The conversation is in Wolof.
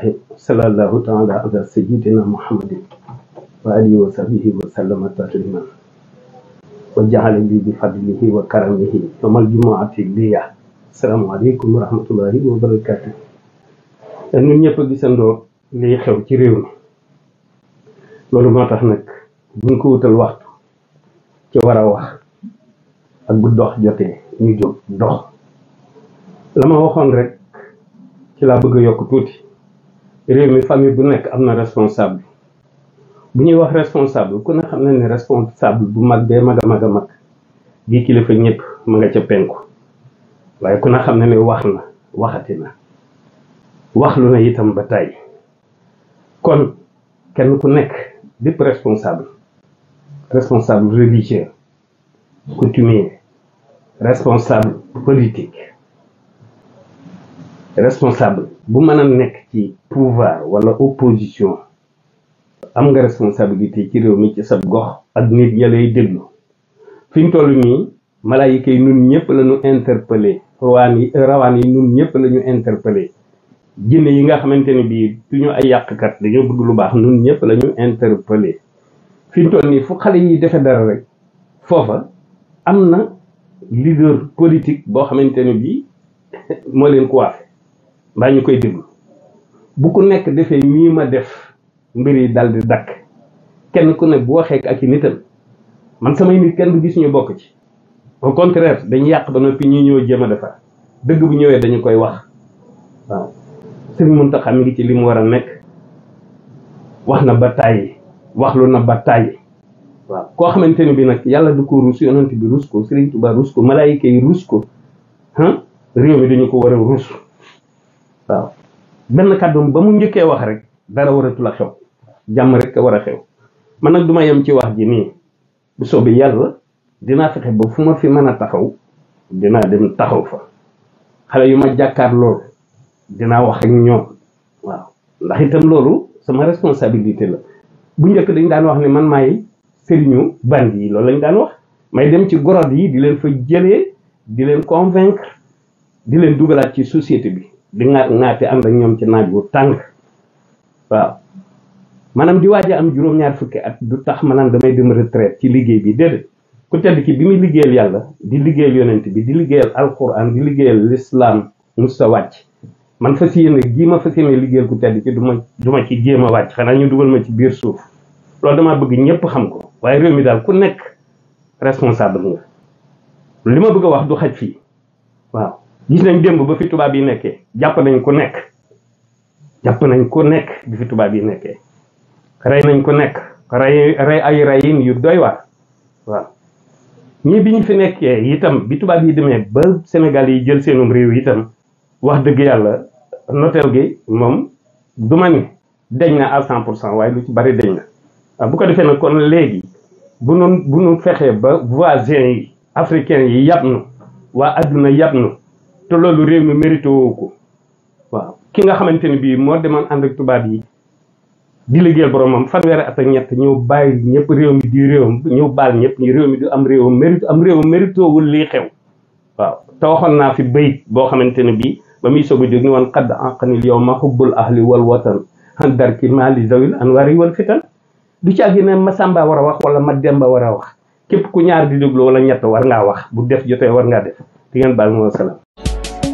rasulillah sallallahu taala muhammadin wa alihi wa sahbihi wa sallama taslima wa jaxale bi bi fadlihi wa karamihi jumaati liya asalaamaaleykum wa rahmatullahi wa barakaatu ñun ñëpp gisandoo liy xew ci réew mi loolu moo tax nag buñ ko wutal waxtu ci war wax ak bu dox jote ñu jóg dox la ma waxoon rek ci laa bëgg yokk tuuti réew mi famille bu nekk am na responsable bu ñuy wax responsable ku ne xam na ne responsable bu mag bee mag a mag a mag di kilifa ñëpp ma nga ca penku waaye ku ne xam na ni wax na waxati na wax na itam ba tàyyi kon kenn ku nekk bépp responsable responsable religieux responsable politique responsable bu mën a nekk ci pouvoir wala opposition am nga responsabilité ci réew mi ci sa gox ak nit ña lay déglu fi mu toll nii malaayika yi nun ñëpp lañu ñu interpellé rawaan yi rawaan nun ñëpp lañu ñu interpellé jinne yi nga xamante ne bii du ñu ay yàqkat dañoo bëgg lu baax nun ñëpp la ñu interpellé fi mu toll nii fu xale yi defe dara rek foofa am na leader politique boo xamante ne bii moo leen ko waafee mbaa ñu koy déglu bu ku nekk defee nii ma def mbir yi dal di dakk kenn ku ne bu waxee ak i nitam man samay nit kenn du gis ñu bokk ci au contraire dañu yàq ba noppi ñu ñoo jéem defar dëgg bu ñëwee dañu koy wax waaw sëriñ tax mi ngi ci li mu war a nekk wax na ba tàyyi waxlu na ba tàyyi waaw koo xamante ni bi nag yàlla du ko ruus yonent bi ruus ko Sëriñ Tuubaa ruus ko malaayika yi ruus ko ah réew mi dañu ko war a ruus waaw benn kàddoom ba mu njëkkee wax rek dara waratul a xew jàmm rek war a xew man nag du ma yem ci wax ji nii bu soobee yàlla dinaa fexe ba fu ma fi mën a taxaw dinaa dem taxaw fa xale yu ma jàkkaar loolu dinaa wax ak ñoom waaw ndax itam loolu sama responsabilité la bu njëkk dañ daan wax ne man maay sëriñu band yi loolu lañ daan wax may dem ci gorod yi di leen fa jëlee di leen convaincre di leen dugalaat ci société bi di ŋaat ŋaati ànd ak ñoom ci naaj wu tàng waaw maanaam di waaj am juróom-ñaar fukki at du tax maanaam damay dem retraite ci liggéey bi déedéet ku tedd ki bi muy liggéeyal yàlla di liggéeyal yonent bi di liggéeyal alquran di liggéeyal lislaam sa wàcc man fas yéene gi ma fas yéene liggéeyal ku tedd ki du ma du ci jéem wàcc xanaa ñu dugal ma ci biir suuf loolu damaa bëgg ñëpp xam ko waaye réew mi daal ku nekk responsable nga li ma bëgg a wax du xaj gis nañ démb ba fi tubaab yi nekkee jàpp nañ ku nekk jàpp nañ ku nekk bi fi tubaab yi nekkee rey nañ ku nekk rey rey ay reyin yu doy waar waaw ñii bi ñu fi nekkee itam bi tubaab yi demee ba Sénégal yi jël seenum réew yi itam wax dëgg yàlla notel gi moom du ma ni deñ na à cent pour cent waaye lu ci bari deñ na bu ko defee nag kon léegi bu nu bu nu fexee ba voisins yi africains yi yàpp nu waa adduna yàpp nu te loolu réew mi mérité woo ko waaw ki nga xamante ne bii moo demoon ànd ak tubaab yi di liggéeyal boromam fanweeri at ak ñett ñëw bàyyi ñëpp réew mi di réewam ñëw baal ñëpp réew mi du am réewam mérite am réewam mérité wul lii xew waaw te waxoon naa fi bayit boo xamante ne bii ba muy soog a jóg ni woon xadd anqanil yow ma xubbul ahli wal watan an darki mali zawil anwari wal fitan du ci àgg ne ma Samba war a wax wala ma Demba war a wax képp ku ñaar di déglu wala ñett war ngaa wax bu def jotee war ngaa def